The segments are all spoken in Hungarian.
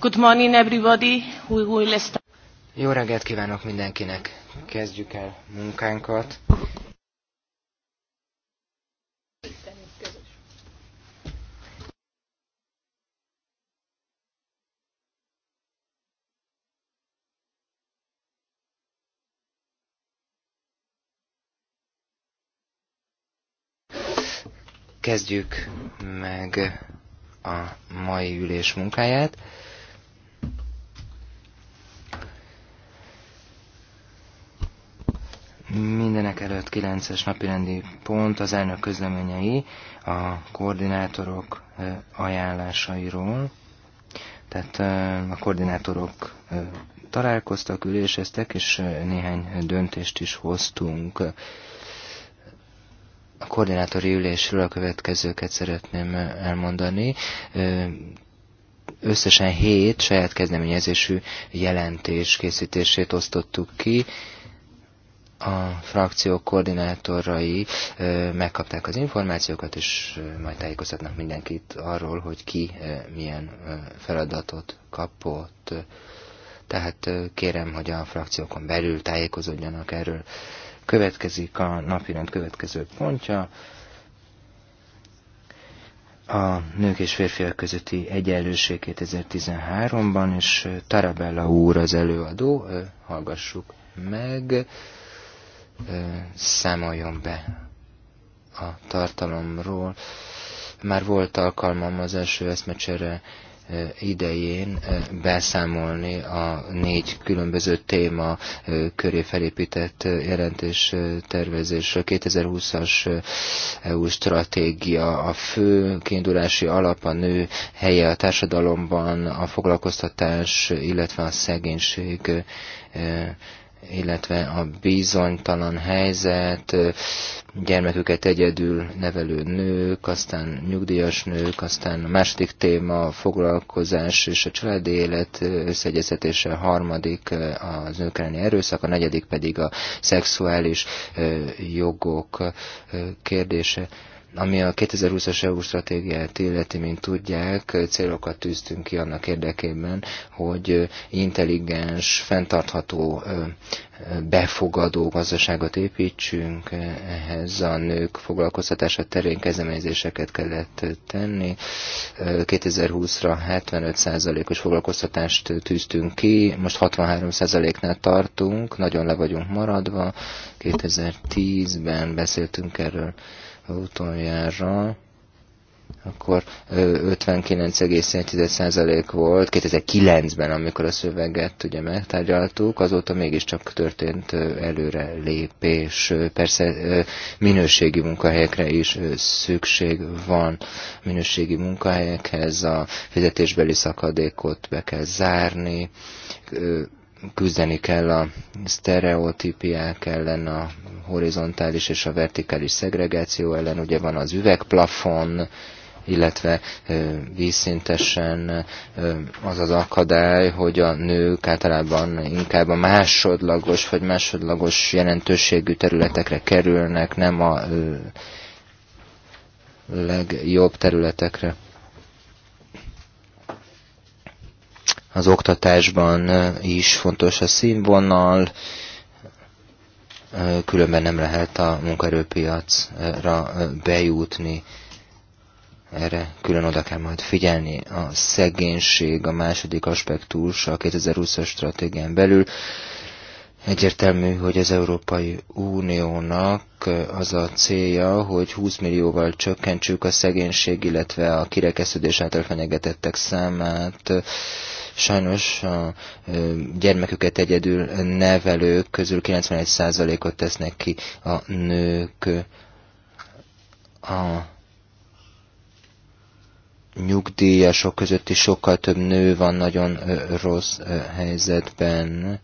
Good morning everybody. We will start. Jó reggelt kívánok mindenkinek. Kezdjük el munkánkat. Kezdjük meg a mai ülés munkáját. Mindenek előtt 9-es napirendi pont az elnök közleményei a koordinátorok ajánlásairól. Tehát a koordinátorok találkoztak, üléseztek, és néhány döntést is hoztunk. A koordinátori ülésről a következőket szeretném elmondani összesen hét saját kezdeményezésű jelentés készítését osztottuk ki a frakció koordinátorai megkapták az információkat, és majd tájékoztatnak mindenkit arról, hogy ki milyen feladatot kapott. Tehát kérem, hogy a frakciókon belül tájékozódjanak erről. Következik a napirend következő pontja. A nők és férfiak közötti egyenlőség 2013-ban, és Tarabella úr az előadó, hallgassuk meg számoljon be a tartalomról. Már volt alkalmam az első eszmecsere idején beszámolni a négy különböző téma köré felépített jelentés tervezésről. 2020-as EU stratégia a fő kiindulási alap, a nő helye a társadalomban, a foglalkoztatás, illetve a szegénység illetve a bizonytalan helyzet, gyermeküket egyedül nevelő nők, aztán nyugdíjas nők, aztán a második téma a foglalkozás és a családi élet összeegyeztetése, a harmadik az nők elleni erőszak, a negyedik pedig a szexuális jogok kérdése. Ami a 2020-as EU stratégiát illeti, mint tudják, célokat tűztünk ki annak érdekében, hogy intelligens, fenntartható, befogadó gazdaságot építsünk, ehhez a nők foglalkoztatása terén kezdeményezéseket kellett tenni. 2020-ra 75%-os foglalkoztatást tűztünk ki, most 63%-nál tartunk, nagyon le vagyunk maradva, 2010-ben beszéltünk erről utoljára, akkor 59,1% volt 2009-ben, amikor a szöveget ugye megtárgyaltuk, azóta mégiscsak történt előre lépés. Persze minőségi munkahelyekre is szükség van. Minőségi munkahelyekhez a fizetésbeli szakadékot be kell zárni, küzdeni kell a sztereotípiák ellen, a horizontális és a vertikális szegregáció ellen, ugye van az üvegplafon, illetve vízszintesen az az akadály, hogy a nők általában inkább a másodlagos vagy másodlagos jelentőségű területekre kerülnek, nem a legjobb területekre. az oktatásban is fontos a színvonal, különben nem lehet a munkaerőpiacra bejutni. Erre külön oda kell majd figyelni. A szegénység a második aspektus a 2020-as stratégián belül. Egyértelmű, hogy az Európai Uniónak az a célja, hogy 20 millióval csökkentsük a szegénység, illetve a kirekesztődés által fenyegetettek számát Sajnos a gyermeküket egyedül nevelők közül 91%-ot tesznek ki a nők. A nyugdíjasok között is sokkal több nő van nagyon rossz helyzetben.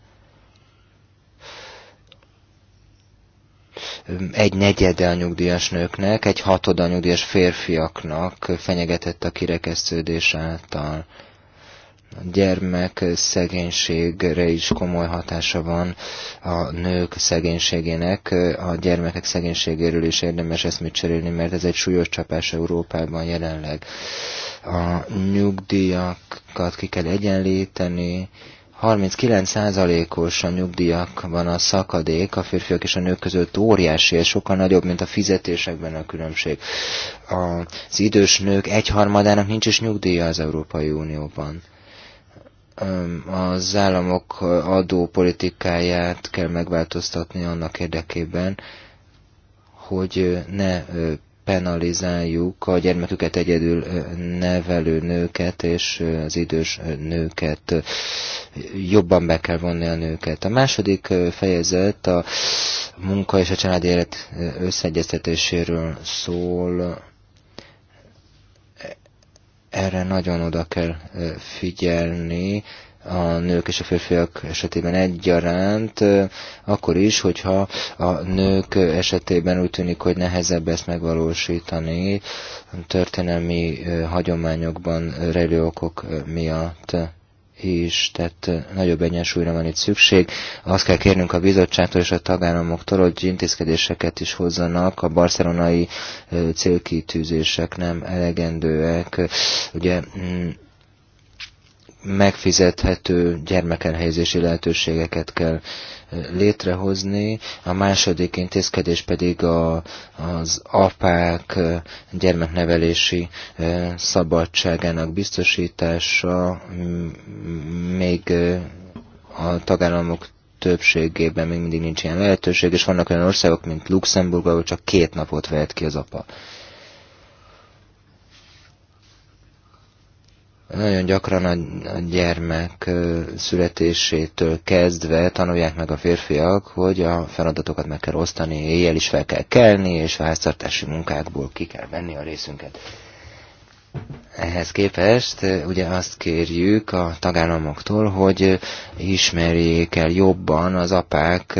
egy negyede a nyugdíjas nőknek, egy hatoda a nyugdíjas férfiaknak fenyegetett a kirekesztődés által gyermek szegénységre is komoly hatása van a nők szegénységének. A gyermekek szegénységéről is érdemes mit cserélni, mert ez egy súlyos csapás Európában jelenleg. A nyugdíjakat ki kell egyenlíteni, 39%-os a nyugdíjakban a szakadék, a férfiak és a nők között óriási, és sokkal nagyobb, mint a fizetésekben a különbség. Az idős nők egyharmadának nincs is nyugdíja az Európai Unióban az államok adópolitikáját kell megváltoztatni annak érdekében, hogy ne penalizáljuk a gyermeküket egyedül nevelő nőket és az idős nőket. Jobban be kell vonni a nőket. A második fejezet a munka és a család élet összeegyeztetéséről szól, erre nagyon oda kell figyelni a nők és a férfiak esetében egyaránt, akkor is, hogyha a nők esetében úgy tűnik, hogy nehezebb ezt megvalósítani történelmi hagyományokban rejlő okok miatt is, tehát nagyobb egyensúlyra van itt szükség. Azt kell kérnünk a bizottságtól és a tagállamoktól, hogy intézkedéseket is hozzanak, a barcelonai célkitűzések nem elegendőek. Ugye mm, megfizethető gyermekelhelyezési lehetőségeket kell eh, létrehozni, a második intézkedés pedig a, az apák eh, gyermeknevelési eh, szabadságának biztosítása, még a tagállamok többségében még mindig nincs ilyen lehetőség, és vannak olyan országok, mint Luxemburg, ahol csak két napot vehet ki az apa. Nagyon gyakran a gyermek születésétől kezdve tanulják meg a férfiak, hogy a feladatokat meg kell osztani, éjjel is fel kell kelni, és a háztartási munkákból ki kell venni a részünket ehhez képest ugye azt kérjük a tagállamoktól, hogy ismerjék el jobban az apák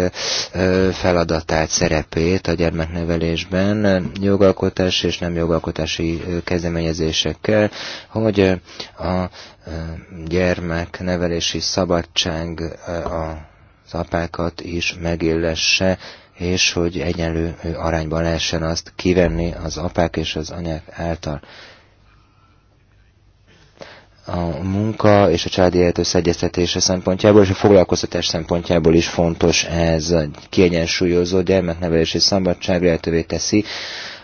feladatát, szerepét a gyermeknevelésben jogalkotási és nem jogalkotási kezdeményezésekkel, hogy a gyermeknevelési szabadság az apákat is megillesse, és hogy egyenlő arányban lehessen azt kivenni az apák és az anyák által a munka és a családi élet összeegyeztetése szempontjából, és a foglalkoztatás szempontjából is fontos ez a kiegyensúlyozó gyermeknevelési szabadság lehetővé teszi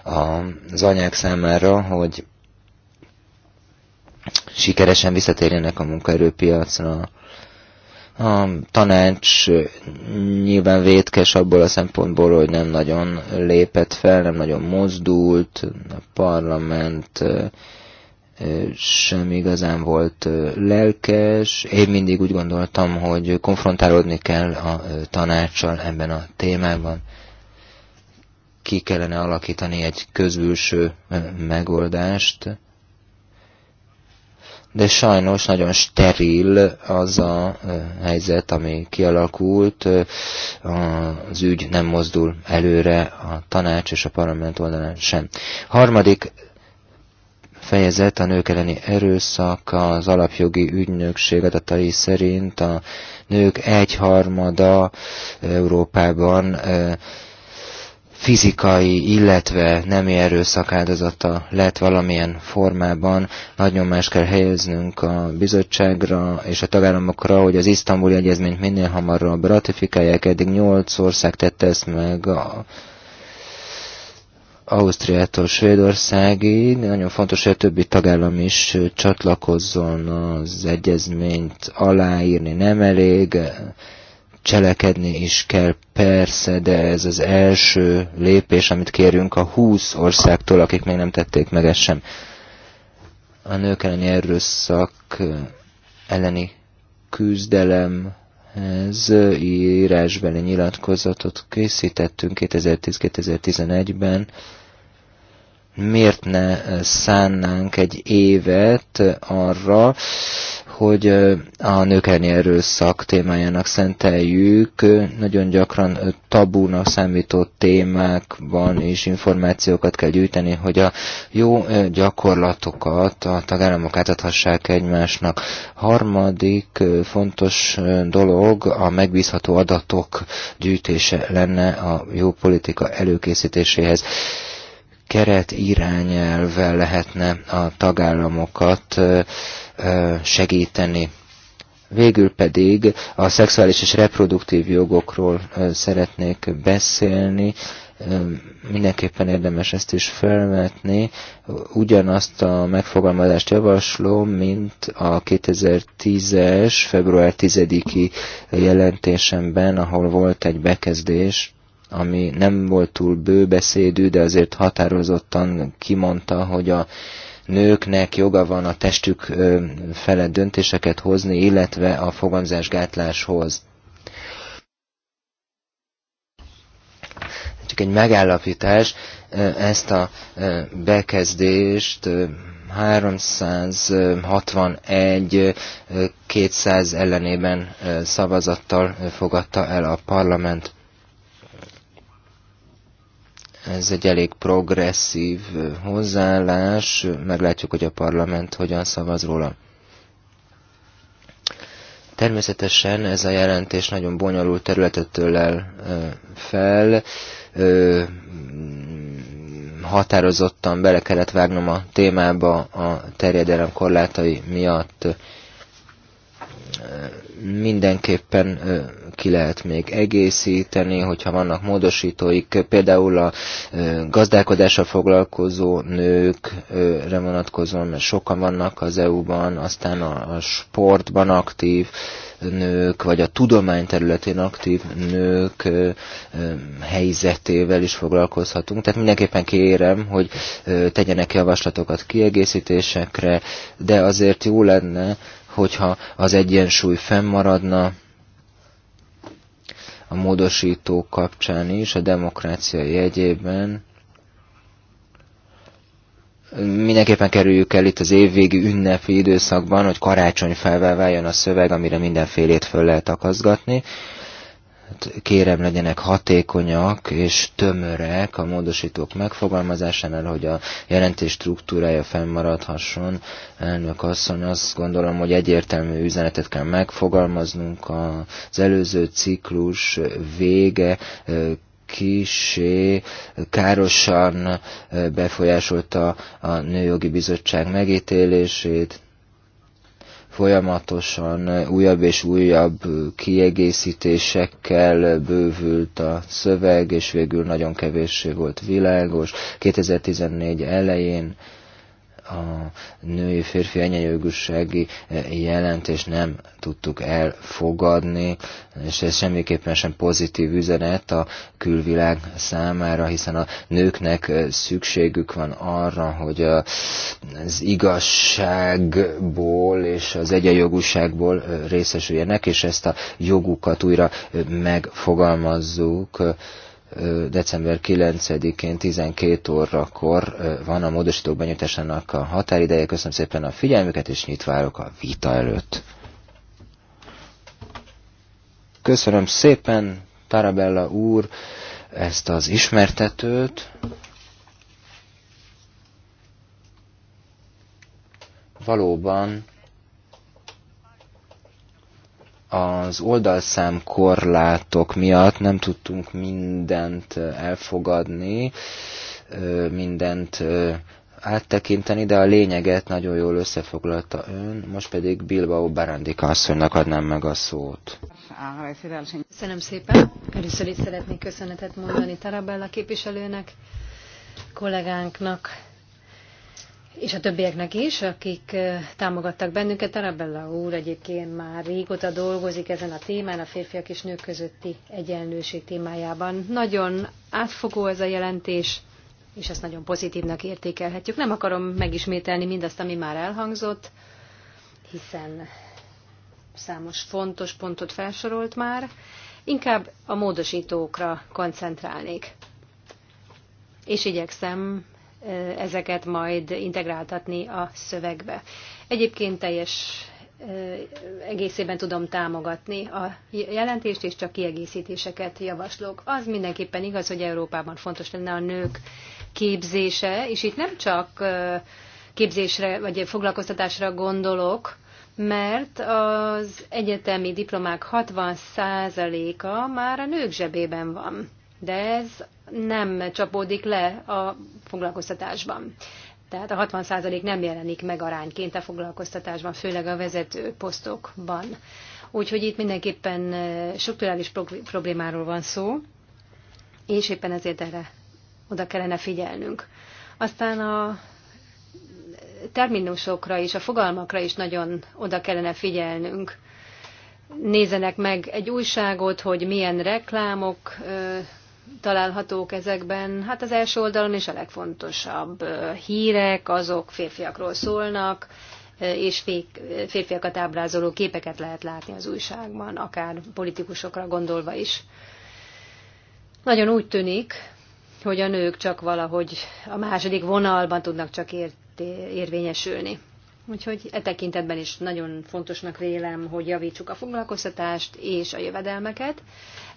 az anyák számára, hogy sikeresen visszatérjenek a munkaerőpiacra. A tanács nyilván vétkes abból a szempontból, hogy nem nagyon lépett fel, nem nagyon mozdult, a parlament sem igazán volt lelkes. Én mindig úgy gondoltam, hogy konfrontálódni kell a tanácssal ebben a témában. Ki kellene alakítani egy közülső megoldást, de sajnos nagyon steril az a helyzet, ami kialakult, az ügy nem mozdul előre, a tanács és a parlament oldalán sem. Harmadik fejezet a nők elleni erőszak, az alapjogi ügynökség adatai szerint a nők egyharmada e, Európában e, fizikai, illetve nemi erőszak áldozata lett valamilyen formában. Nagy nyomás kell helyeznünk a bizottságra és a tagállamokra, hogy az isztambuli egyezményt minél hamarabb ratifikálják. Eddig nyolc ország tette ezt meg, a Ausztriától Svédországig. Nagyon fontos, hogy a többi tagállam is csatlakozzon az egyezményt, aláírni nem elég, cselekedni is kell persze, de ez az első lépés, amit kérünk a 20 országtól, akik még nem tették meg ezt sem. A nők elleni erőszak elleni küzdelem ez írásbeli nyilatkozatot készítettünk 2010-2011-ben, miért ne eh, szánnánk egy évet arra, hogy eh, a nők erőszak témájának szenteljük. Nagyon gyakran eh, tabúnak számított témákban is információkat kell gyűjteni, hogy a jó gyakorlatokat a tagállamok átadhassák egymásnak. Harmadik fontos dolog a megbízható adatok gyűjtése lenne a jó politika előkészítéséhez keret irányelvvel lehetne a tagállamokat segíteni. Végül pedig a szexuális és reproduktív jogokról szeretnék beszélni. Mindenképpen érdemes ezt is felvetni. Ugyanazt a megfogalmazást javaslom, mint a 2010-es február 10-i jelentésemben, ahol volt egy bekezdés ami nem volt túl bőbeszédű, de azért határozottan kimondta, hogy a nőknek joga van a testük felett döntéseket hozni, illetve a fogamzásgátláshoz. Csak egy megállapítás, ezt a bekezdést 361 200 ellenében szavazattal fogadta el a parlament. Ez egy elég progresszív hozzáállás, meglátjuk, hogy a parlament hogyan szavaz róla. Természetesen ez a jelentés nagyon bonyolult területet tölel fel, határozottan bele kellett vágnom a témába a terjedelem korlátai miatt mindenképpen ki lehet még egészíteni, hogyha vannak módosítóik, például a gazdálkodással foglalkozó nőkre vonatkozóan, mert sokan vannak az EU-ban, aztán a sportban aktív nők, vagy a tudomány területén aktív nők helyzetével is foglalkozhatunk. Tehát mindenképpen kérem, hogy tegyenek javaslatokat kiegészítésekre, de azért jó lenne, hogyha az egyensúly fennmaradna a módosító kapcsán is, a demokrácia jegyében, mindenképpen kerüljük el itt az évvégi ünnepi időszakban, hogy karácsony felvel váljon a szöveg, amire mindenfélét föl lehet akaszgatni kérem legyenek hatékonyak és tömörek a módosítók megfogalmazásánál, hogy a jelentés struktúrája fennmaradhasson. Elnök asszony, azt gondolom, hogy egyértelmű üzenetet kell megfogalmaznunk az előző ciklus vége kisé károsan befolyásolta a Nőjogi Bizottság megítélését, folyamatosan újabb és újabb kiegészítésekkel bővült a szöveg, és végül nagyon kevéssé volt világos. 2014 elején a női férfi egyenjogúsági e, jelentést nem tudtuk elfogadni, és ez semmiképpen sem pozitív üzenet a külvilág számára, hiszen a nőknek e, szükségük van arra, hogy az igazságból és az egyenjogúságból e, részesüljenek, és ezt a jogukat újra megfogalmazzuk december 9-én 12 órakor van a módosítók benyújtásának a határideje. Köszönöm szépen a figyelmüket, és nyitvárok a vita előtt. Köszönöm szépen, Tarabella úr, ezt az ismertetőt. Valóban az oldalszám korlátok miatt nem tudtunk mindent elfogadni, mindent áttekinteni, de a lényeget nagyon jól összefoglalta ön, most pedig Bilbao Barandika asszonynak adnám meg a szót. Köszönöm szépen. Először is szeretnék köszönetet mondani Tarabella képviselőnek, kollégánknak, és a többieknek is, akik támogattak bennünket. Arabella úr egyébként már régóta dolgozik ezen a témán, a férfiak és nők közötti egyenlőség témájában. Nagyon átfogó ez a jelentés, és ezt nagyon pozitívnak értékelhetjük. Nem akarom megismételni mindazt, ami már elhangzott, hiszen számos fontos pontot felsorolt már. Inkább a módosítókra koncentrálnék. És igyekszem ezeket majd integráltatni a szövegbe. Egyébként teljes egészében tudom támogatni a jelentést, és csak kiegészítéseket javaslok. Az mindenképpen igaz, hogy Európában fontos lenne a nők képzése, és itt nem csak képzésre vagy foglalkoztatásra gondolok, mert az egyetemi diplomák 60%-a már a nők zsebében van. De ez nem csapódik le a foglalkoztatásban. Tehát a 60% nem jelenik meg arányként a foglalkoztatásban, főleg a vezető posztokban. Úgyhogy itt mindenképpen eh, struktúrális problémáról van szó, és éppen ezért erre oda kellene figyelnünk. Aztán a terminusokra és a fogalmakra is nagyon oda kellene figyelnünk. Nézenek meg egy újságot, hogy milyen reklámok eh, találhatók ezekben. Hát az első oldalon is a legfontosabb hírek, azok férfiakról szólnak, és férfiakat ábrázoló képeket lehet látni az újságban, akár politikusokra gondolva is. Nagyon úgy tűnik, hogy a nők csak valahogy a második vonalban tudnak csak ért, érvényesülni. Úgyhogy e tekintetben is nagyon fontosnak vélem, hogy javítsuk a foglalkoztatást és a jövedelmeket,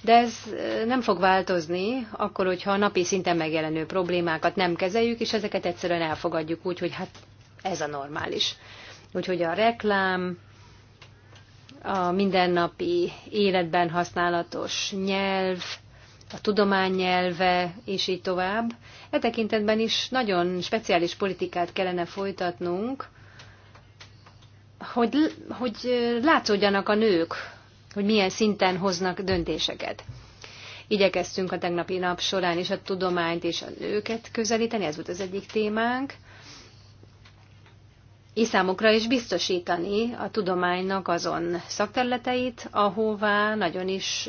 de ez e, nem fog változni akkor, hogyha a napi szinten megjelenő problémákat nem kezeljük, és ezeket egyszerűen elfogadjuk úgy, hogy hát ez a normális. Úgyhogy a reklám, a mindennapi életben használatos nyelv, a tudomány nyelve, és így tovább. E tekintetben is nagyon speciális politikát kellene folytatnunk, hogy, hogy látszódjanak a nők, hogy milyen szinten hoznak döntéseket. Igyekeztünk a tegnapi nap során is a tudományt és a nőket közelíteni, ez volt az egyik témánk, és számukra is biztosítani a tudománynak azon szakterületeit, ahová nagyon is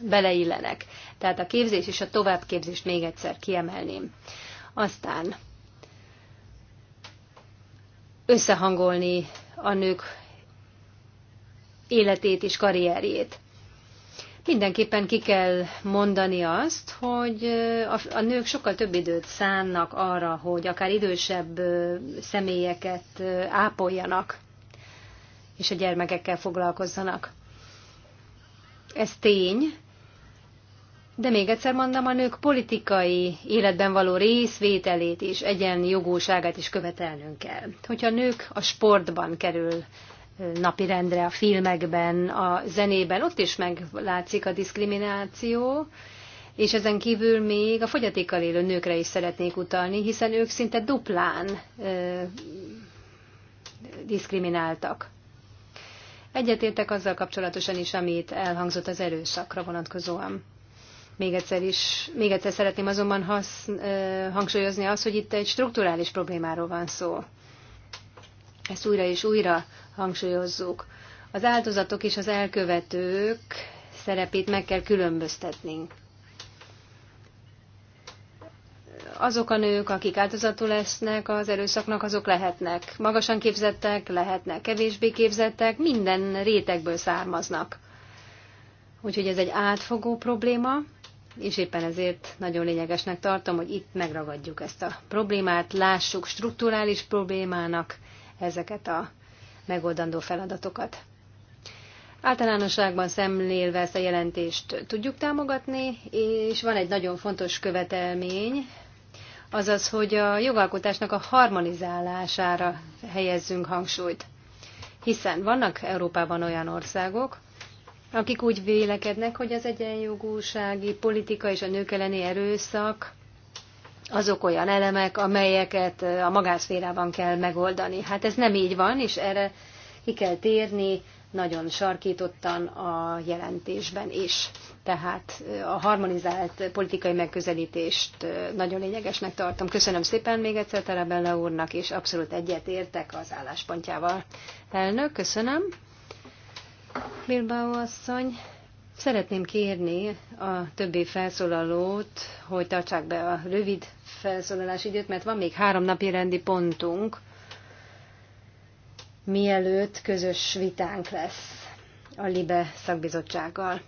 beleillenek. Tehát a képzés és a továbbképzést még egyszer kiemelném. Aztán összehangolni a nők életét és karrierjét. Mindenképpen ki kell mondani azt, hogy a nők sokkal több időt szánnak arra, hogy akár idősebb személyeket ápoljanak, és a gyermekekkel foglalkozzanak. Ez tény, de még egyszer mondom, a nők politikai életben való részvételét és egyenjogúságát is követelnünk kell. Hogyha a nők a sportban kerül napirendre, a filmekben, a zenében, ott is meglátszik a diszkrimináció, és ezen kívül még a fogyatékkal élő nőkre is szeretnék utalni, hiszen ők szinte duplán ö, diszkrimináltak. Egyetértek azzal kapcsolatosan is, amit elhangzott az erőszakra vonatkozóan. Még egyszer is, még egyszer szeretném azonban hasz, hangsúlyozni azt, hogy itt egy strukturális problémáról van szó. Ezt újra és újra hangsúlyozzuk. Az áldozatok és az elkövetők szerepét meg kell különböztetnünk. Azok a nők, akik áldozatul lesznek az erőszaknak, azok lehetnek. Magasan képzettek, lehetnek kevésbé képzettek, minden rétegből származnak. Úgyhogy ez egy átfogó probléma, és éppen ezért nagyon lényegesnek tartom, hogy itt megragadjuk ezt a problémát, lássuk strukturális problémának ezeket a megoldandó feladatokat. Általánosságban szemlélve ezt a jelentést tudjuk támogatni, és van egy nagyon fontos követelmény, azaz, hogy a jogalkotásnak a harmonizálására helyezzünk hangsúlyt. Hiszen vannak Európában olyan országok, akik úgy vélekednek, hogy az egyenjogúsági politika és a nők elleni erőszak azok olyan elemek, amelyeket a magánszférában kell megoldani. Hát ez nem így van, és erre ki kell térni nagyon sarkítottan a jelentésben is. Tehát a harmonizált politikai megközelítést nagyon lényegesnek tartom. Köszönöm szépen még egyszer Terebella úrnak, és abszolút egyet az álláspontjával. Elnök, köszönöm. Bilbao asszony. Szeretném kérni a többi felszólalót, hogy tartsák be a rövid felszólalás időt, mert van még három napi rendi pontunk, mielőtt közös vitánk lesz a LIBE szakbizottsággal.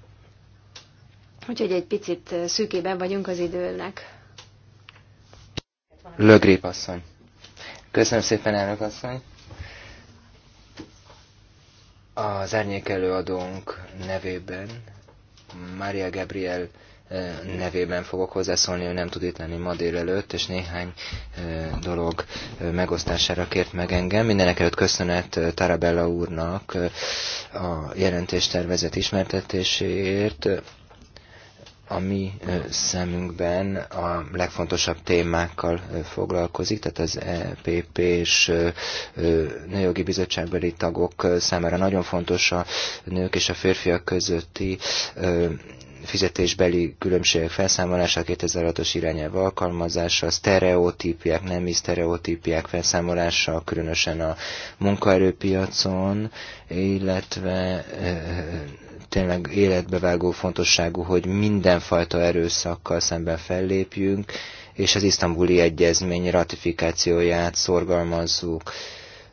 Úgyhogy egy picit szűkében vagyunk az időnek. Lögrép asszony. Köszönöm szépen, elnök asszony. Az árnyék előadónk nevében, Mária Gabriel eh, nevében fogok hozzászólni, ő nem tud itt lenni ma délelőtt, és néhány eh, dolog eh, megosztására kért meg engem. Mindenek előtt köszönet Tarabella úrnak a jelentéstervezet ismertetéséért a mi szemünkben a legfontosabb témákkal foglalkozik, tehát az EPP és nőjogi bizottságbeli tagok számára nagyon fontos a nők és a férfiak közötti fizetésbeli különbségek felszámolása, 2006-os irányelv alkalmazása, a sztereotípiák, is sztereotípiák felszámolása, különösen a munkaerőpiacon, illetve tényleg életbevágó fontosságú, hogy mindenfajta erőszakkal szemben fellépjünk, és az isztambuli egyezmény ratifikációját szorgalmazzuk.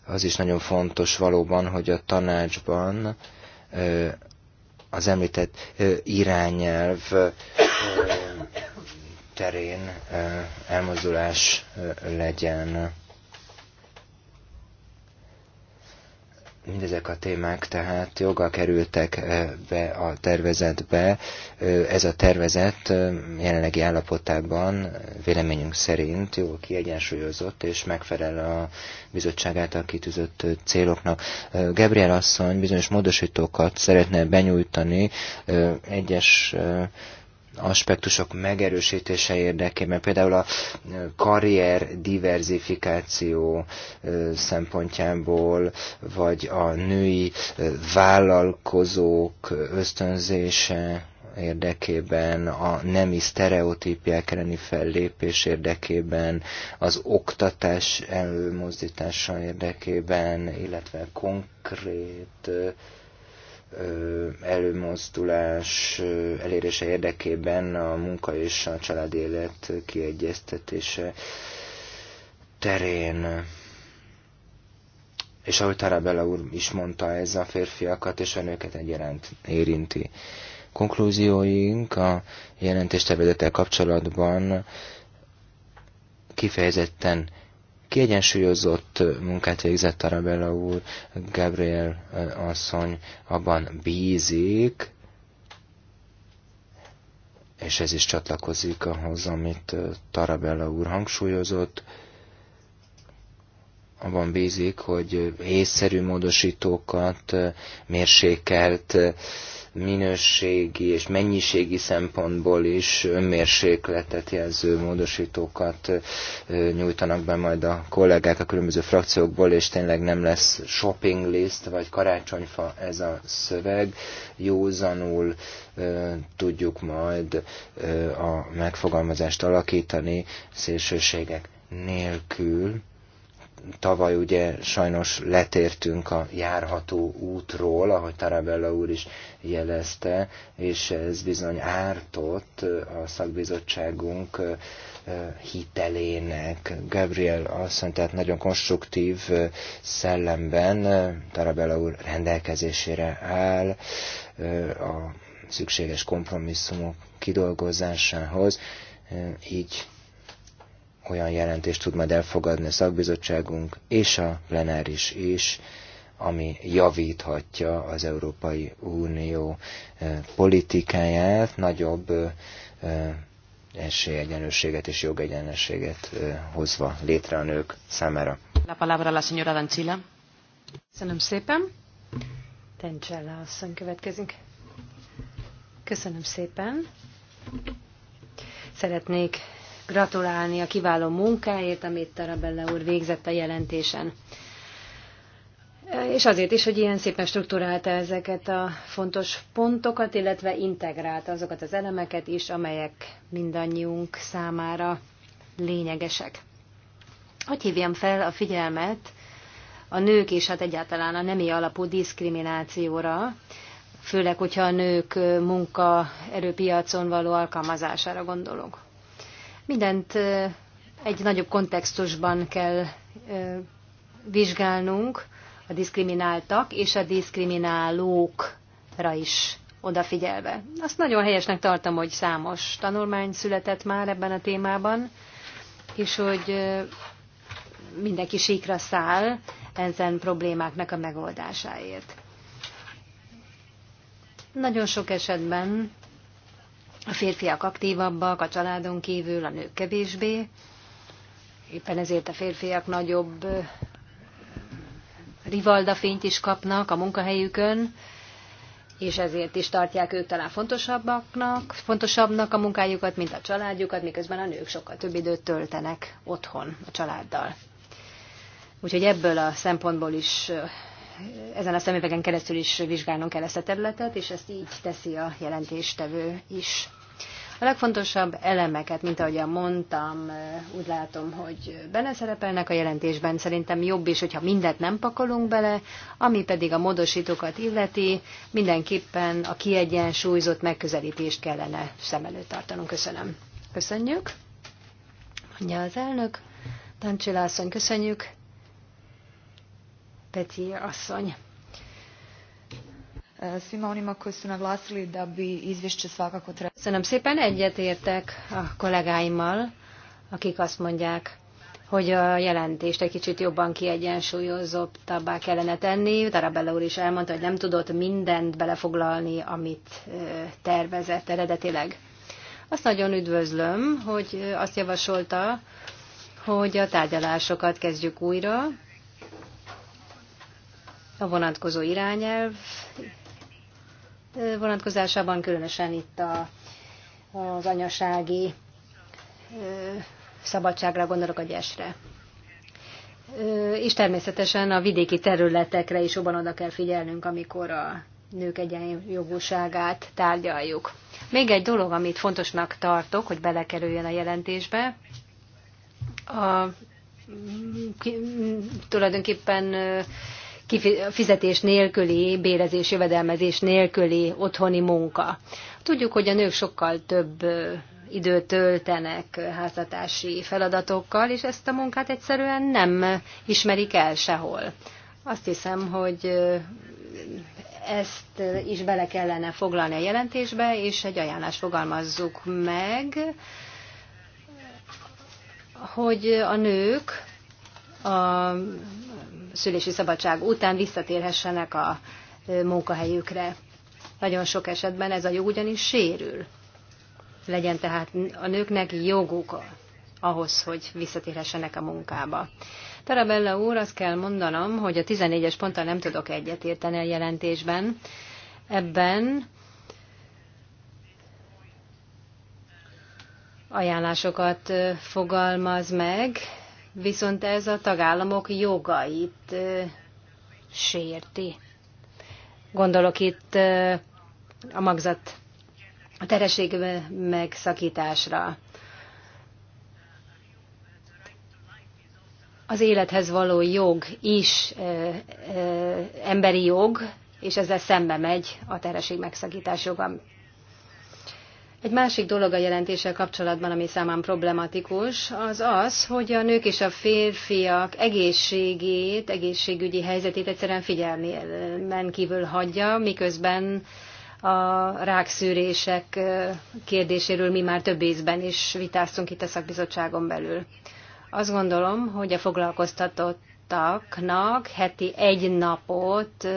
Az is nagyon fontos valóban, hogy a tanácsban az említett irányelv terén elmozdulás legyen. Mindezek a témák tehát joga kerültek be a tervezetbe. Ez a tervezet jelenlegi állapotában véleményünk szerint jól kiegyensúlyozott és megfelel a bizottság által kitűzött céloknak. Gabriel asszony bizonyos módosítókat szeretne benyújtani egyes aspektusok megerősítése érdekében, például a karrier diversifikáció szempontjából, vagy a női vállalkozók ösztönzése érdekében, a nemi sztereotípiák elleni fellépés érdekében, az oktatás előmozdítása érdekében, illetve konkrét előmozdulás elérése érdekében a munka és a család élet kiegyeztetése terén. És ahogy Tarabella úr is mondta, ez a férfiakat és a nőket egyaránt érinti. Konklúzióink a jelentéstervezettel kapcsolatban kifejezetten Kiegyensúlyozott munkát végzett Arabella úr, Gabriel eh, asszony abban bízik, és ez is csatlakozik ahhoz, amit eh, Tarabella úr hangsúlyozott, abban bízik, hogy észszerű módosítókat, mérsékelt, minőségi és mennyiségi szempontból is önmérsékletet jelző módosítókat nyújtanak be majd a kollégák a különböző frakciókból, és tényleg nem lesz shopping list vagy karácsonyfa ez a szöveg. Józanul tudjuk majd a megfogalmazást alakítani szélsőségek nélkül Tavaly ugye sajnos letértünk a járható útról, ahogy Tarabella úr is jelezte, és ez bizony ártott a szakbizottságunk hitelének. Gabriel azt mondta, tehát nagyon konstruktív szellemben Tarabella úr rendelkezésére áll a szükséges kompromisszumok kidolgozásához, így olyan jelentést tud majd elfogadni a szakbizottságunk, és a plenáris is, ami javíthatja az Európai Unió politikáját, nagyobb esélyegyenlőséget és jogegyenlőséget hozva létre a nők számára. La palabra la señora Dancila. Köszönöm szépen. Tencsella asszony következik. Köszönöm szépen. Szeretnék gratulálni a kiváló munkáért, amit Tarabella úr végzett a jelentésen. És azért is, hogy ilyen szépen struktúrálta ezeket a fontos pontokat, illetve integrálta azokat az elemeket is, amelyek mindannyiunk számára lényegesek. Hogy hívjam fel a figyelmet a nők és hát egyáltalán a nemi alapú diszkriminációra, főleg, hogyha a nők munkaerőpiacon való alkalmazására gondolok. Mindent egy nagyobb kontextusban kell vizsgálnunk, a diszkrimináltak és a diszkriminálókra is odafigyelve. Azt nagyon helyesnek tartom, hogy számos tanulmány született már ebben a témában, és hogy mindenki síkra száll ezen problémáknak a megoldásáért. Nagyon sok esetben a férfiak aktívabbak, a családon kívül, a nők kevésbé. Éppen ezért a férfiak nagyobb fényt is kapnak a munkahelyükön, és ezért is tartják ők talán fontosabbaknak, fontosabbnak a munkájukat, mint a családjukat, miközben a nők sokkal több időt töltenek otthon a családdal. Úgyhogy ebből a szempontból is ezen a szemüvegen keresztül is vizsgálnunk kell ezt a területet, és ezt így teszi a jelentéstevő is. A legfontosabb elemeket, mint ahogy mondtam, úgy látom, hogy benne szerepelnek a jelentésben. Szerintem jobb is, hogyha mindent nem pakolunk bele, ami pedig a módosítókat illeti, mindenképpen a kiegyensúlyozott megközelítést kellene szem előtt tartanunk. Köszönöm. Köszönjük. Mondja az elnök. Tancsilászony, köszönjük. Peti, asszony. E, svima onima koji su naglasili da bi izvješće svakako trebalo. Köszönöm szépen, egyetértek a kollégáimmal, akik azt mondják, hogy a jelentést egy kicsit jobban kiegyensúlyozottabbá kellene tenni. Tarabella úr is elmondta, hogy nem tudott mindent belefoglalni, amit e, tervezett eredetileg. Azt nagyon üdvözlöm, hogy e, azt javasolta, hogy a tárgyalásokat kezdjük újra, a vonatkozó irányelv vonatkozásában, különösen itt a, az anyasági szabadságra gondolok a gyesre. És természetesen a vidéki területekre is jobban oda kell figyelnünk, amikor a nők egyenjogúságát tárgyaljuk. Még egy dolog, amit fontosnak tartok, hogy belekerüljön a jelentésbe, a, tulajdonképpen fizetés nélküli, bérezés, jövedelmezés nélküli otthoni munka. Tudjuk, hogy a nők sokkal több időt töltenek házatási feladatokkal, és ezt a munkát egyszerűen nem ismerik el sehol. Azt hiszem, hogy ezt is bele kellene foglalni a jelentésbe, és egy ajánlást fogalmazzuk meg, hogy a nők a szülési szabadság után visszatérhessenek a munkahelyükre. Nagyon sok esetben ez a jog ugyanis sérül. Legyen tehát a nőknek joguk ahhoz, hogy visszatérhessenek a munkába. Tarabella úr, azt kell mondanom, hogy a 14-es ponttal nem tudok egyetérteni a jelentésben. Ebben ajánlásokat fogalmaz meg, viszont ez a tagállamok jogait sérti. Gondolok itt a magzat a teresség megszakításra. Az élethez való jog is ö, ö, emberi jog, és ezzel szembe megy a teresség megszakítás joga, egy másik dolog a jelentéssel kapcsolatban, ami számán problematikus, az az, hogy a nők és a férfiak egészségét, egészségügyi helyzetét egyszerűen figyelmen kívül hagyja, miközben a rákszűrések kérdéséről mi már több észben is vitáztunk itt a szakbizottságon belül. Azt gondolom, hogy a foglalkoztatottaknak heti egy napot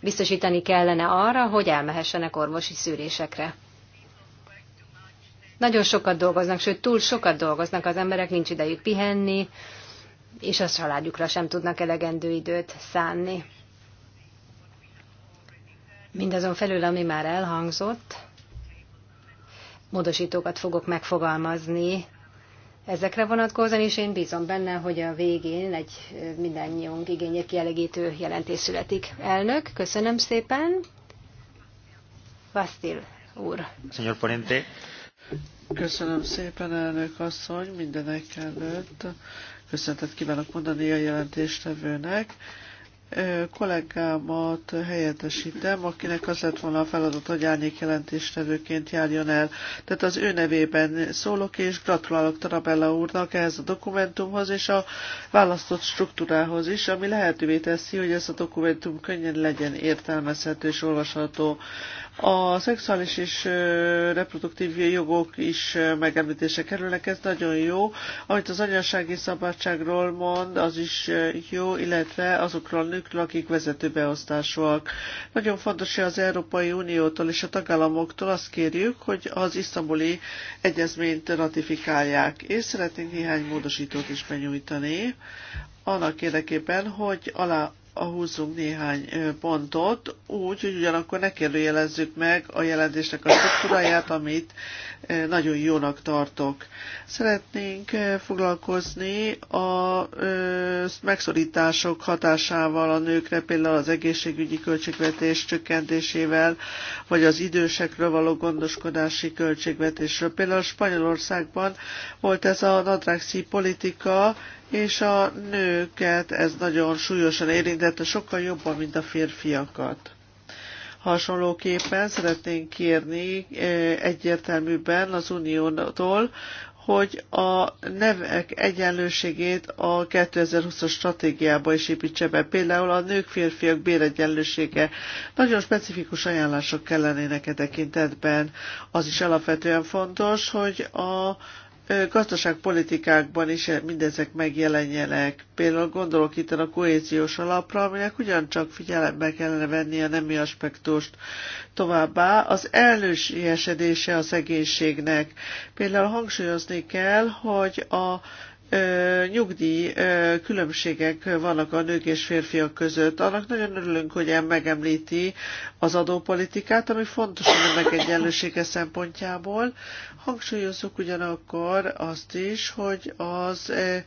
biztosítani kellene arra, hogy elmehessenek orvosi szűrésekre. Nagyon sokat dolgoznak, sőt túl sokat dolgoznak az emberek, nincs idejük pihenni, és a családjukra sem tudnak elegendő időt szánni. Mindazon felül, ami már elhangzott, módosítókat fogok megfogalmazni ezekre vonatkozóan, és én bízom benne, hogy a végén egy mindannyiunk igényét kielégítő jelentés születik. Elnök, köszönöm szépen. Vasztil úr. Señor Ponente, Köszönöm szépen, elnök asszony, mindenek előtt. Köszöntet kívánok mondani a jelentéstevőnek. Kollégámat helyettesítem, akinek az lett volna a feladat, hogy árnyék jelentéstevőként járjon el. Tehát az ő nevében szólok, és gratulálok Tarabella úrnak ehhez a dokumentumhoz, és a választott struktúrához is, ami lehetővé teszi, hogy ez a dokumentum könnyen legyen értelmezhető és olvasható. A szexuális és reproduktív jogok is megemlítése kerülnek, ez nagyon jó. Amit az anyasági szabadságról mond, az is jó, illetve azokról a nőkről, akik vezetőbeosztásúak. Nagyon fontos, hogy az Európai Uniótól és a tagállamoktól azt kérjük, hogy az isztambuli egyezményt ratifikálják. És szeretnénk néhány módosítót is benyújtani annak érdekében, hogy alá a húzzunk néhány pontot, úgy, hogy ugyanakkor ne kérdőjelezzük meg a jelentésnek a struktúráját, amit nagyon jónak tartok. Szeretnénk foglalkozni a megszorítások hatásával a nőkre, például az egészségügyi költségvetés csökkentésével, vagy az idősekről való gondoskodási költségvetésről. Például Spanyolországban volt ez a nadrágszi politika, és a nőket ez nagyon súlyosan érintette, sokkal jobban, mint a férfiakat. Hasonlóképpen szeretnénk kérni e, egyértelműben az Uniótól, hogy a nevek egyenlőségét a 2020-as stratégiába is építse be. Például a nők-férfiak béregyenlősége. Nagyon specifikus ajánlások kellene neked tekintetben. Az is alapvetően fontos, hogy a gazdaságpolitikákban is mindezek megjelenjenek. Például gondolok itt a kohéziós alapra, aminek ugyancsak figyelembe kellene venni a nemi aspektust. Továbbá az elnősiesedése a szegénységnek. Például hangsúlyozni kell, hogy a ö, nyugdíj ö, különbségek vannak a nők és férfiak között. Annak nagyon örülünk, hogy el megemlíti az adópolitikát, ami fontos a egyenlősége szempontjából, Hangsúlyozzuk ugyanakkor azt is, hogy az eh,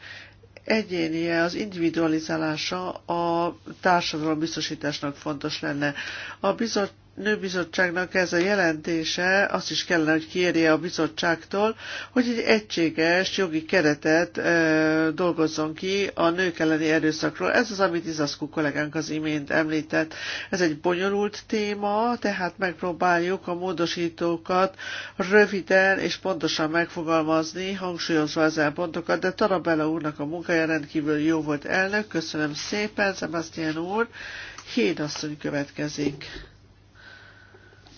egyénie, az individualizálása a társadalombiztosításnak fontos lenne. A bizottság nőbizottságnak ez a jelentése azt is kellene, hogy kérje a bizottságtól, hogy egy egységes jogi keretet ö, dolgozzon ki a nők elleni erőszakról. Ez az, amit Izaszkú kollégánk az imént említett. Ez egy bonyolult téma, tehát megpróbáljuk a módosítókat röviden és pontosan megfogalmazni, hangsúlyozva az elpontokat, de Tarabella úrnak a munkája rendkívül jó volt elnök. Köszönöm szépen, Sebastian úr. Hét asszony következik.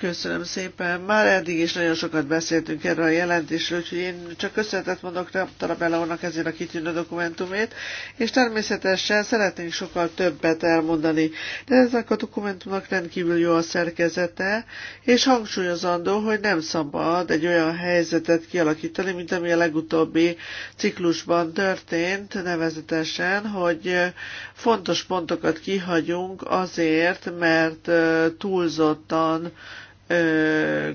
Köszönöm szépen. Már eddig is nagyon sokat beszéltünk erről a jelentésről, úgyhogy én csak köszönetet mondok Tarabella úrnak ezért a kitűnő dokumentumét, és természetesen szeretnénk sokkal többet elmondani. De ezek a dokumentumnak rendkívül jó a szerkezete, és hangsúlyozandó, hogy nem szabad egy olyan helyzetet kialakítani, mint ami a legutóbbi ciklusban történt, nevezetesen, hogy fontos pontokat kihagyunk azért, mert túlzottan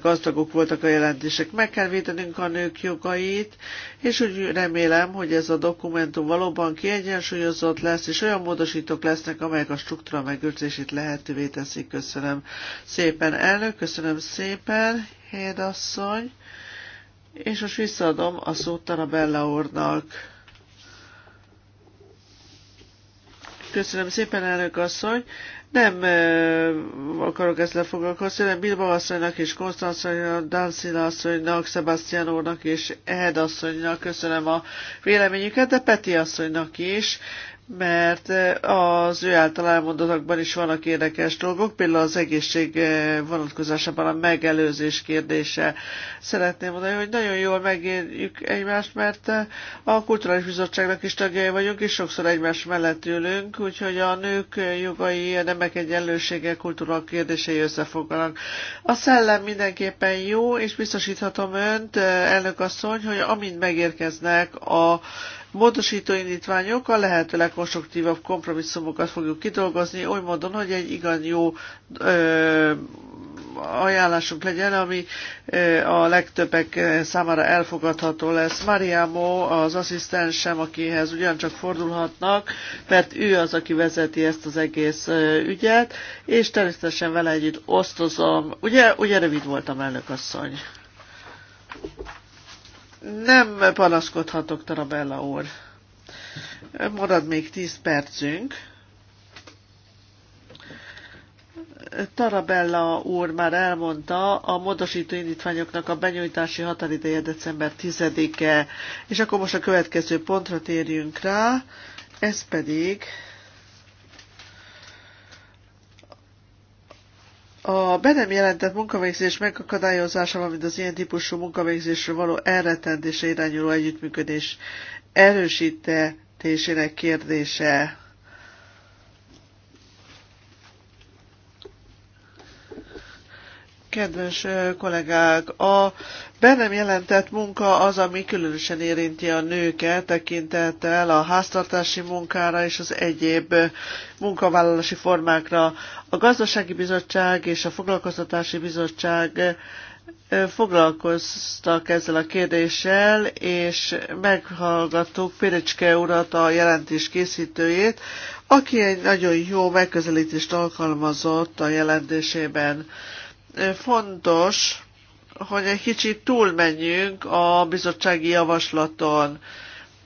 gazdagok voltak a jelentések. Meg kell védenünk a nők jogait, és úgy remélem, hogy ez a dokumentum valóban kiegyensúlyozott lesz, és olyan módosítók lesznek, amelyek a struktúra megőrzését lehetővé teszik. Köszönöm szépen, elnök, köszönöm szépen, Hédasszony, és most visszaadom a szót Tarabella úrnak. Köszönöm szépen, elnök asszony. Nem akarok ezzel foglalkozni, hanem Bilba asszonynak és Konstantinak, Dancila asszonynak, Sebastian úrnak és Ehed asszonynak köszönöm a véleményüket, de Peti asszonynak is mert eh, az ő által elmondottakban is vannak érdekes dolgok, például az egészség eh, vonatkozásában a megelőzés kérdése. Szeretném mondani, hogy nagyon jól megérjük egymást, mert eh, a Kulturális Bizottságnak is tagjai vagyunk, és sokszor egymás mellett ülünk, úgyhogy a nők jogai, a nemek egyenlősége, kultúra kérdései összefoglalnak. A szellem mindenképpen jó, és biztosíthatom önt, elnök asszony, hogy amint megérkeznek a Módosító indítványok a lehető legkonstruktívabb kompromisszumokat fogjuk kidolgozni, oly módon, hogy egy igen jó ö, ajánlásunk legyen, ami a legtöbbek számára elfogadható lesz. Mariamo az asszisztensem, akihez ugyancsak fordulhatnak, mert ő az, aki vezeti ezt az egész ügyet, és természetesen vele együtt osztozom. Ugye, ugye rövid voltam, elnök asszony. Nem panaszkodhatok, Tarabella úr. Marad még tíz percünk. Tarabella úr már elmondta, a módosító indítványoknak a benyújtási határideje december 10-e, és akkor most a következő pontra térjünk rá, ez pedig A be nem jelentett munkavégzés megakadályozása, valamint az ilyen típusú munkavégzésről való elrettentésre irányuló együttműködés erősítetésének kérdése. Kedves kollégák, a bennem jelentett munka az, ami különösen érinti a nőket, tekintettel a háztartási munkára és az egyéb munkavállalási formákra. A Gazdasági Bizottság és a Foglalkoztatási Bizottság foglalkoztak ezzel a kérdéssel, és meghallgattuk Péricske urat, a jelentés készítőjét, aki egy nagyon jó megközelítést alkalmazott a jelentésében fontos, hogy egy kicsit túlmenjünk a bizottsági javaslaton.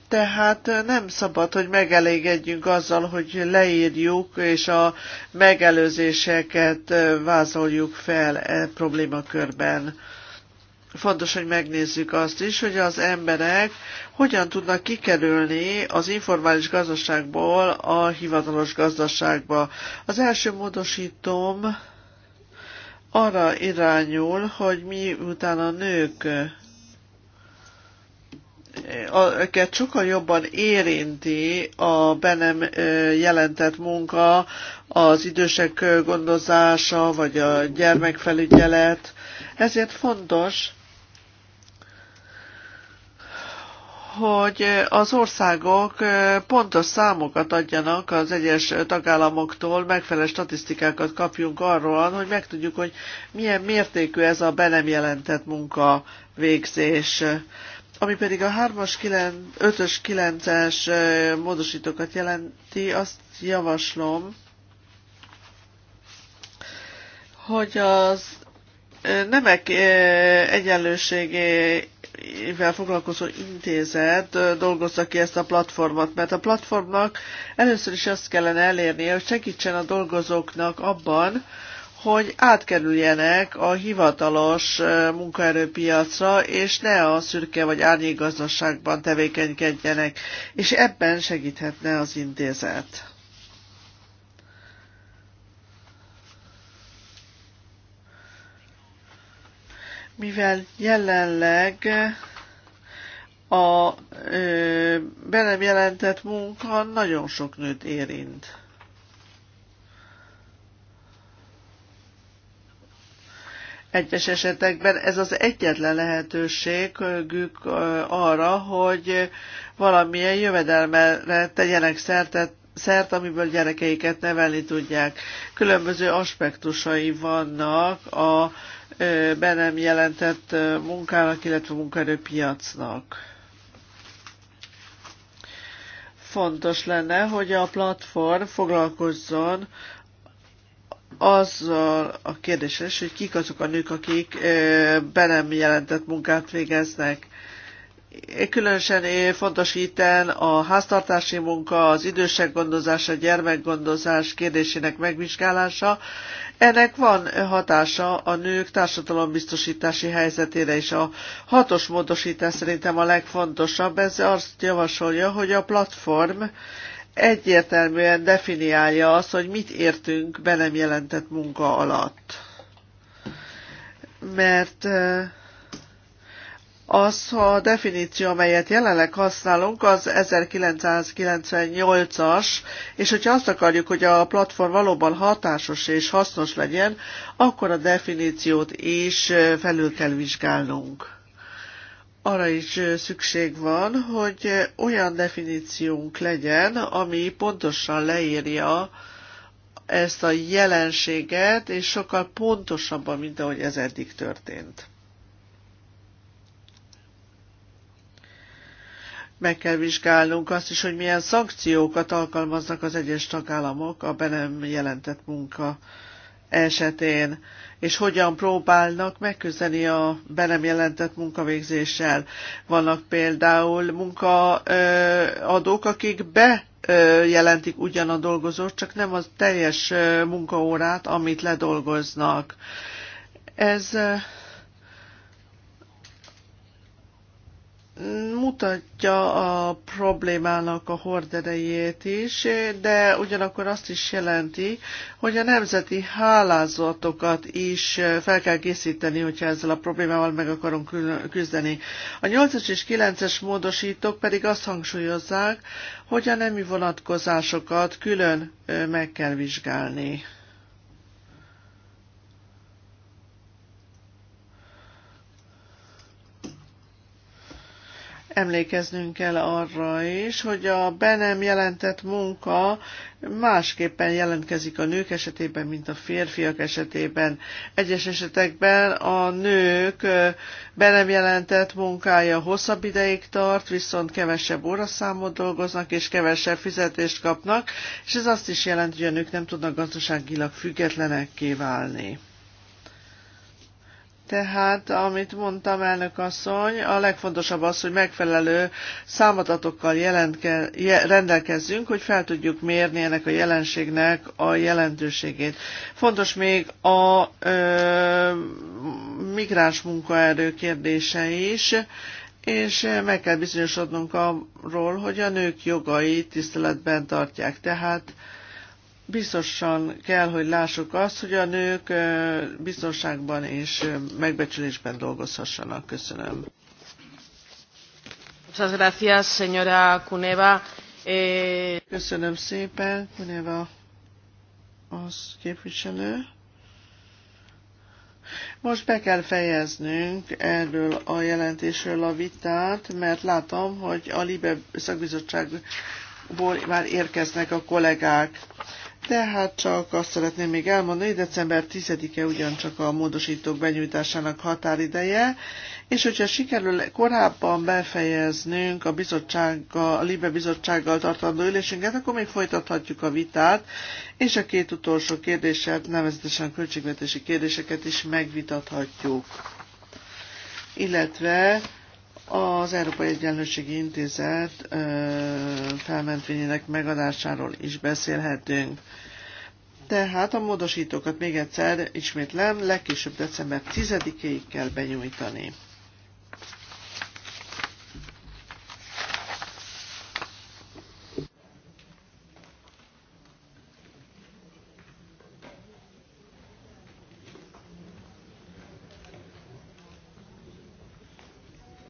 Tehát nem szabad, hogy megelégedjünk azzal, hogy leírjuk és a megelőzéseket vázoljuk fel e problémakörben. Fontos, hogy megnézzük azt is, hogy az emberek hogyan tudnak kikerülni az informális gazdaságból a hivatalos gazdaságba. Az első módosítom arra irányul, hogy miután a nők őket sokkal jobban érinti a benem jelentett munka, az idősek gondozása, vagy a gyermekfelügyelet. Ezért fontos, hogy az országok pontos számokat adjanak az egyes tagállamoktól, megfelelő statisztikákat kapjunk arról, hogy megtudjuk, hogy milyen mértékű ez a be nem jelentett munka végzés. Ami pedig a 3-as, 5-ös, 9-es módosítókat jelenti, azt javaslom, hogy az nemek egyenlőségé mivel foglalkozó intézet dolgozza ki ezt a platformot, mert a platformnak először is azt kellene elérnie, hogy segítsen a dolgozóknak abban, hogy átkerüljenek a hivatalos munkaerőpiacra, és ne a szürke vagy árnyék gazdaságban tevékenykedjenek, és ebben segíthetne az intézet. mivel jelenleg a ö, be nem jelentett munka nagyon sok nőt érint. Egyes esetekben ez az egyetlen lehetőségük arra, hogy valamilyen jövedelmet tegyenek szertet szert, amiből gyerekeiket nevelni tudják. Különböző aspektusai vannak a be nem jelentett munkának, illetve munkaerőpiacnak. Fontos lenne, hogy a platform foglalkozzon azzal a kérdéssel hogy kik azok a nők, akik be nem jelentett munkát végeznek. Különösen eh, fontos itten a háztartási munka, az idősek gondozása, gyermekgondozás kérdésének megvizsgálása. Ennek van hatása a nők társadalombiztosítási helyzetére is. A hatos módosítás szerintem a legfontosabb. Ez azt javasolja, hogy a platform egyértelműen definiálja azt, hogy mit értünk be nem jelentett munka alatt. Mert eh, az a definíció, amelyet jelenleg használunk, az 1998-as, és hogyha azt akarjuk, hogy a platform valóban hatásos és hasznos legyen, akkor a definíciót is felül kell vizsgálnunk arra is szükség van, hogy olyan definíciónk legyen, ami pontosan leírja ezt a jelenséget, és sokkal pontosabban, mint ahogy ez eddig történt. meg kell vizsgálnunk azt is, hogy milyen szankciókat alkalmaznak az egyes tagállamok a be nem jelentett munka esetén, és hogyan próbálnak megküzdeni a be nem jelentett munkavégzéssel. Vannak például munkaadók, akik be jelentik ugyan a dolgozót, csak nem az teljes munkaórát, amit ledolgoznak. Ez mutatja a problémának a horderejét is, de ugyanakkor azt is jelenti, hogy a nemzeti hálázatokat is fel kell készíteni, hogyha ezzel a problémával meg akarunk küzdeni. A 8-as és 9-es módosítók pedig azt hangsúlyozzák, hogy a nemi vonatkozásokat külön meg kell vizsgálni. emlékeznünk kell arra is, hogy a be nem jelentett munka másképpen jelentkezik a nők esetében, mint a férfiak esetében. Egyes esetekben a nők be nem jelentett munkája hosszabb ideig tart, viszont kevesebb óraszámot dolgoznak és kevesebb fizetést kapnak, és ez azt is jelenti, hogy a nők nem tudnak gazdaságilag függetlenekké válni. Tehát, amit mondtam, elnök asszony, a legfontosabb az, hogy megfelelő számadatokkal jelentke, je, rendelkezzünk, hogy fel tudjuk mérni ennek a jelenségnek a jelentőségét. Fontos még a ö, migráns munkaerő kérdése is, és meg kell bizonyosodnunk arról, hogy a nők jogai tiszteletben tartják. Tehát, ö, biztosan kell, hogy lássuk azt, hogy a nők biztonságban és megbecsülésben dolgozhassanak. Köszönöm. Muchas gracias, señora Cuneva. Eh, Köszönöm szépen, Kuneva az képviselő. Most be kell fejeznünk erről a jelentésről a vitát, mert látom, hogy a Libe szakbizottságból már érkeznek a kollégák. Tehát csak azt szeretném még elmondani, december 10-e ugyancsak a módosítók benyújtásának határideje, és hogyha sikerül korábban befejeznünk a, bizottsággal, a Libe bizottsággal tartandó ülésünket, akkor még folytathatjuk a vitát, és a két utolsó kérdéset, nevezetesen a költségvetési kérdéseket is megvitathatjuk. Illetve az Európai Egyenlőségi Intézet felmentvényének megadásáról is beszélhetünk. Tehát a módosítókat még egyszer ismétlem, legkésőbb december 10-ig kell benyújtani.